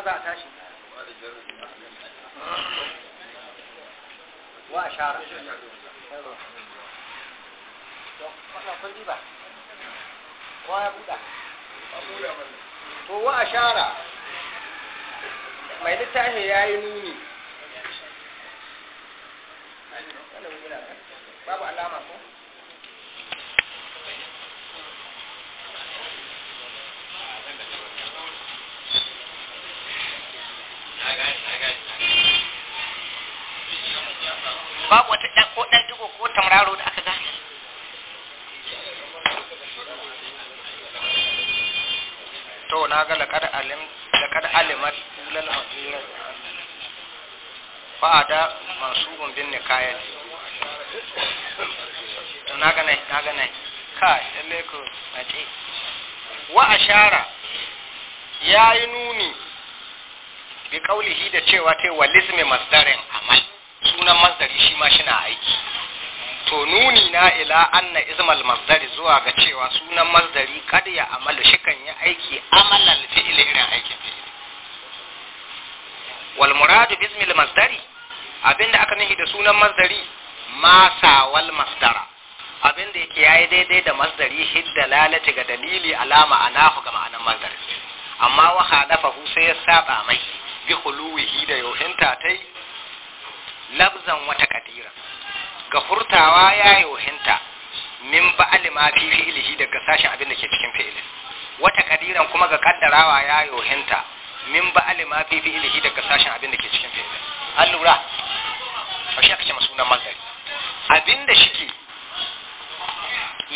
بعد هاشي وأشار هو أشار ما يدتعه يا ينوني بابو علامة فو babu wata ɗan ko ɗan digo ko tamraro da aka gane to na ga laƙar alim laƙar alimat ulal da fa'ada mansubun bin nikayat to na ga nai na ga nai kai lalle ko mace wa ashara yayi nuni bi kaulihi da cewa tai walizmi masdarin sunan masdari shi ma shi na aiki to nuni na ila anna izmal masdari zuwa ga cewa sunan masdari kad ya amalu shi kan yi aiki amalan fi'ili irin aikin fi'ili wal muradu bizmil masdari abinda aka nufi da sunan masdari ma sawal masdara abinda yake yayi daidai da masdari hidda lalata ga dalili alama anahu ga ma'anan masdari amma wa hadafahu sai ya saba mai bi khuluwihi da yohinta labzan wata kadira ga furtawa ya yohinta min ba'ali ma fi fi'ilihi daga sashen abin da ke cikin fi'ilin wata kadiran kuma ga kaddarawa ya yohinta min ba'ali ma fi fi'ilihi daga sashen abin da ke cikin fi'ilin an lura a shi aka ce masu nan mazari abin da ke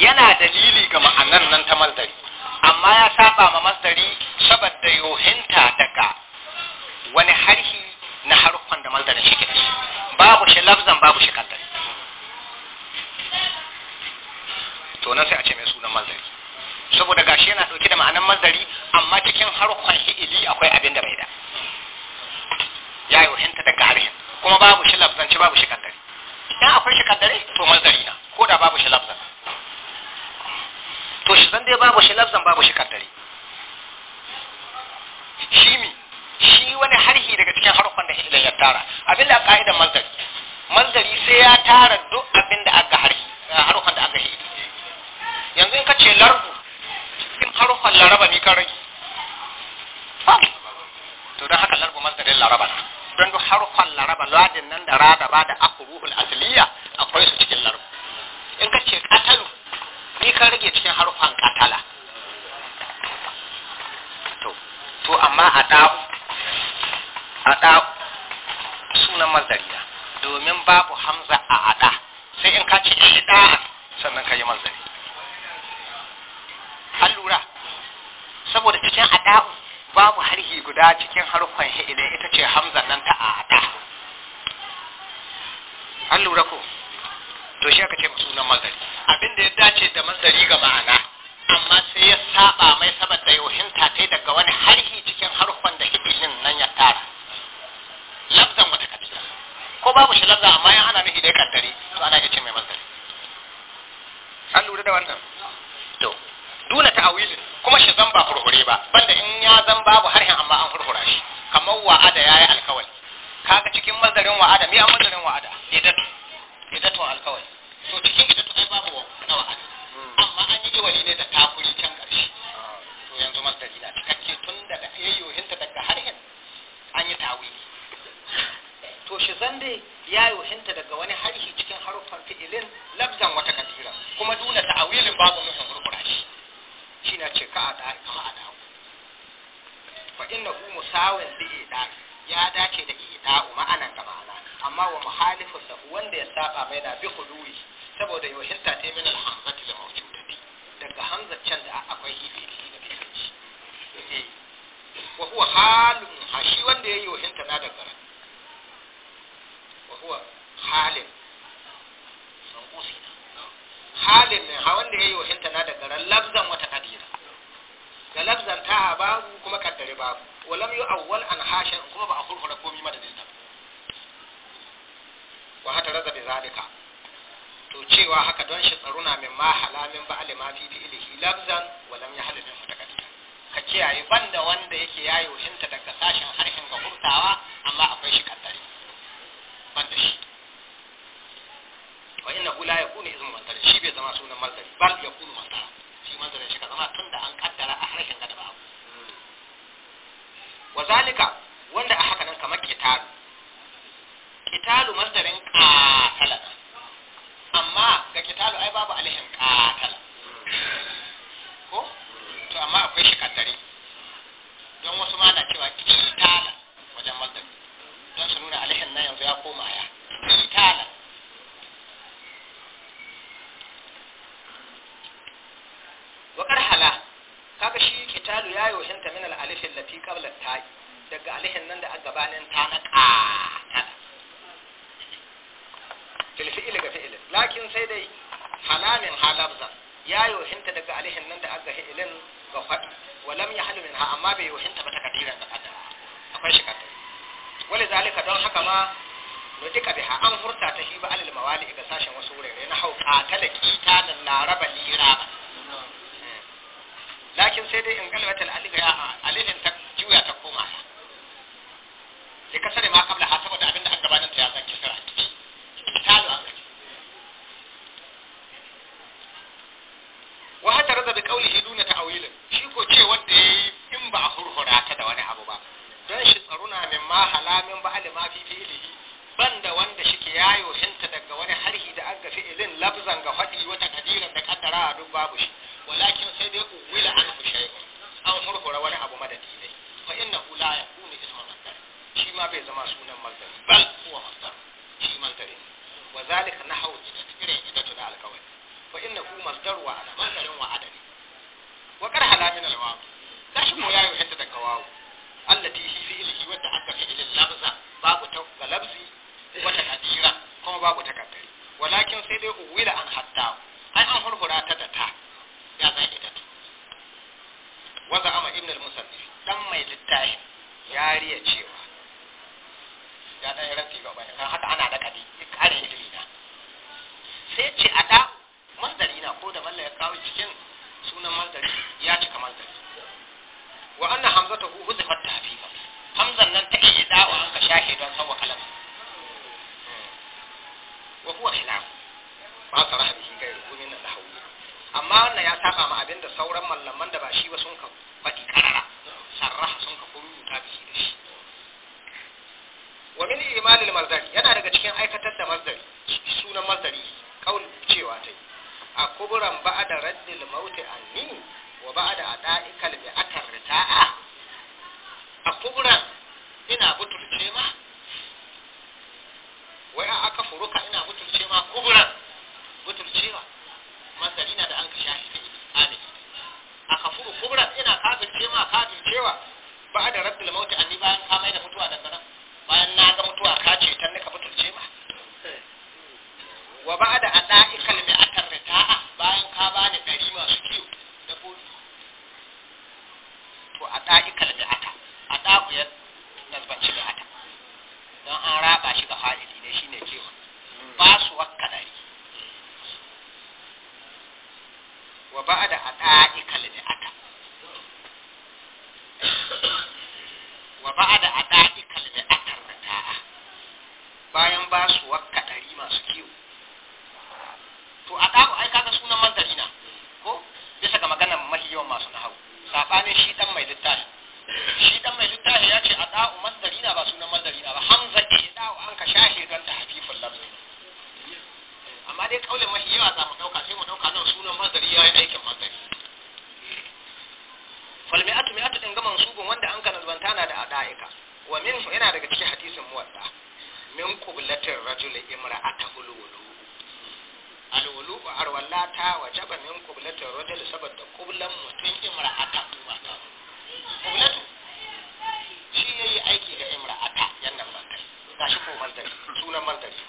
yana dalili ga ma'anan nan ta mazari amma ya saba ma mazari saboda yohinta harkon fi'ili akwai abin da bai da ya yohinta daga harshen kuma babu shi lafzanci babu shi kaddare idan akwai shi kaddare to mazari na ko da babu shi lafzan to shi zan dai babu shi lafzan babu shi kaddare shi mi shi wani harhi daga cikin harkon da fi'ilan ya tara abin da ka'idan mazari mazari sai ya tara duk abin da aka harhi eh, harkon da aka yi yanzu in ka ce lardu in harkon laraba ne ka rage mazarin laraba don duk harufan laraba ladin nan da rada ba da akuruhul asliya akwai su cikin laraba in ka ce katalu ni ka rage cikin harufan katala to amma a ɗahu an lura ko to shi aka ce sunan mazari abin da ya dace da mazari ga ma'ana amma sai ya saba mai saboda yohinta ta daga wani harhi cikin harkon da hidilin nan ya tara lafzan wata kabila ko babu shi lafza amma yana ana nufi dai ya kaddare to ana iya ce mai mazari an lura da wannan to duna awilin kuma shi zan ba furfure ba banda in ya zan babu harhin amma an furfura shi kamar wa'ada yayi alkawali kaga cikin mazarin wa'ada mi an mazarin wa'ada bidatu bidatu alkawai to cikin bidatu ai babu na wahala hmm. amma an yi jawali ne da kafuri can karshe to yanzu masdari na cikakke tun daga yayyohin ta daga harhin an yi tawili to shi zande ya yohin daga wani harhi cikin haruffan fi'ilin labzan wata kasira kuma dole ta'awilin babu mutum gurgura shi shi na ce ka a da kama a dawo fa innahu musawin li ya dace da ida'u ma'anan gaba amma wa muhalifun lahu wanda ya saba mai na bi huluwi saboda yohinta ta yi min al-hamzati da mawjudati daga hamzar can da akwai hifi da bai kanci wa huwa halun ha shi wanda ya yohinta na daga ran wa huwa halin sanqusi halin ne ha wanda ya yi yohinta na daga ran lafzan wata kadira da lafzan ta babu kuma kaddare babu walam yu awwal an hashin kuma ba a hurhura komai madadin ta wa hata raza bi zalika to cewa haka don shi tsaruna min ma halamin ba alima fi fi'lihi lafzan wa lam yahlil min mutaqaddida ka kiyaye banda wanda yake yayo hinta daga sashen harshen ga hurtawa amma akwai shi kaddare banda shi wa inna la yakunu izmu mantar shi bai zama sunan mantar bal yakunu mantar shi mantarin shi ka zama tunda an kaddara a harshen ga da ba wa zalika wanda a haka nan kamar taru. kitalu masdarin qatala amma ga kitalu ai babu alihin qatala ko to amma akwai shi kaddare don wasu ma na cewa kitala wajen masdar don su nuna alihin nan yanzu ya koma ya kitala wakar hala kaga shi kitalu ya yohinta min al-alif allati qabla at-ta'i daga alihin nan da a gabanin ta na ƙa min ha labza ya yohinta daga alihin nan da aka ilin ga faɗi walam ya halu min ha amma bai yohinta ba ta kadiran da kada akwai shi kada wani zalika don haka ma nutika biha an furta ta shi ba alil mawali ga sashen wasu wurare na hauka ta da kita da laraba lira ba lakin sai dai in galbatal alif ya alifin ta juya ta koma ya kasare ma kabla ha saboda abinda an gabanin ta ya zan kisra وهكذا بقوله فإنه مصدر وعلى مصدر وعدم وقد حلا من الواو تشمو يا يحدد الكواو التي هي فعله وتعد فعل اللفظ باب توقف لفظي وتقديره كما باب تقدير ولكن سيدي أول أن حتى أن أنفر فراتة تا يا زائدة وزعم ابن المصنف dan mai littafi ya riya cewa ya ɗan yi ranti gaba ne fi'il yana daga cikin aikatar da mazdari sunan mazari kaul cewa tai a kuburan ba'da raddil maut anni wa ba'da ada'ikal bi atar rita'a a kuburan ina butulce ma wai a aka furuka ina butulce ma kuburan wa ba da ada'i kalja'ata wa ba da ada'i kalja'atar rata'a bayan ba su wakka ɗari masu kiwo to a ada'u ai kaga sunan Mandarina ko bisa ga maganar mahi yawan masu nahawu saɓanin shi ɗan mai littafi shi ɗan mai littafi ya ce a mandari Mandarina ba sunan Mandarina ba hamza ke da'u an ka shahe don ta hafifin lafzi amma dai kaulin mahi yawa yana daga cikin hadisin muwadda min qublatir rajuli imra'atahu alwulu alwulu arwallata wajaba min qublatir rajuli saboda qublan mutun imra'atahu qublatu shi yayi aiki da imra'ata yannan maldari gashi ko maldari sunan maldari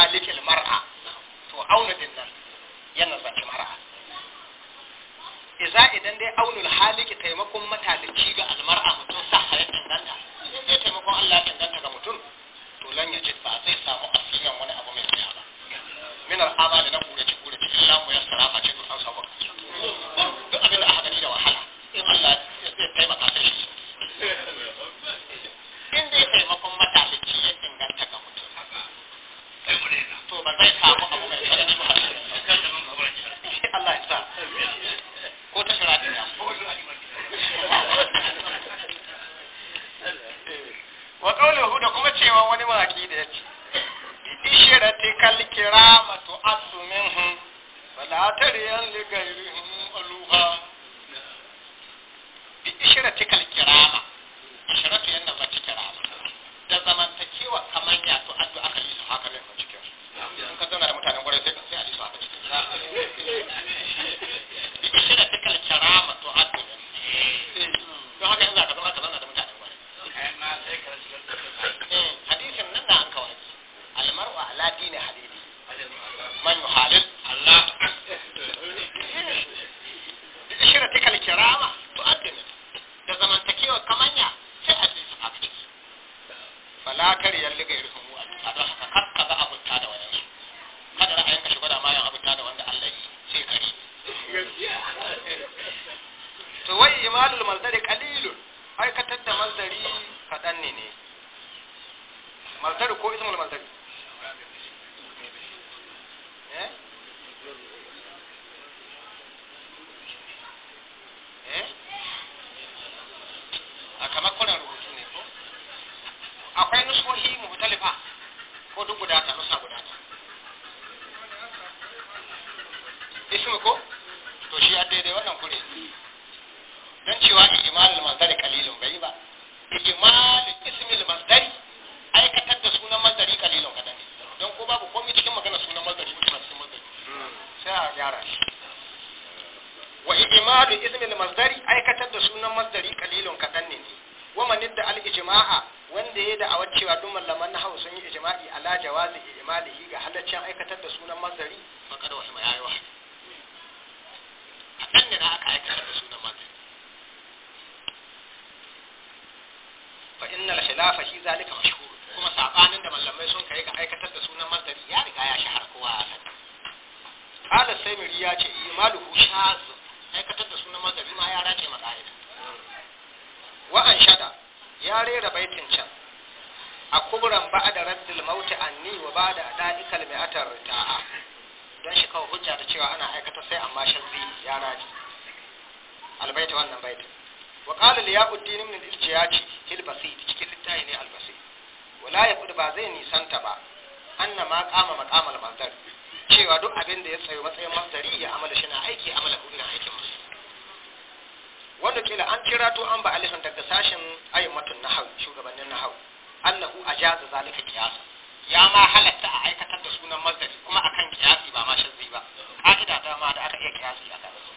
حالك المرأة فأون دينا ينزل المرأة إذا إذن دي أون الحالك تيمكم متالكي Gracias. kaza fa shi zalika mashhur kuma sabanin da mallamai sun kai ga aikatar da sunan martani ya riga ya shahara kowa a san qala saymiri ya ce imaluhu shaz aikatar da sunan martani ma ya race maqaida wa an shada ya rera baitin can a kuburan ba'da raddil mauti anni wa ba'da da'ikal mi'atar rita'a don shi kawo hujja da cewa ana aikata sai amma shazzi ya raji albaita wannan baitin وقال qala li ya'uddin ibn al-irjiyaci hilbasi shayi ne albasai wala ya kudu ba zai nisanta ba an kama maƙama maƙamal cewa duk abin da ya tsayo matsayin masdari ya amala shi na aiki amala hukumin aikin masu wanda kila an kira to an ba alifin daga sashen na hau shugabannin nahau annahu ajaza zalika kiyasa ya ma halatta a aikatar da sunan masdari kuma akan kiyasi ba ma shazzi ba ka'ida ta ma da aka iya a akan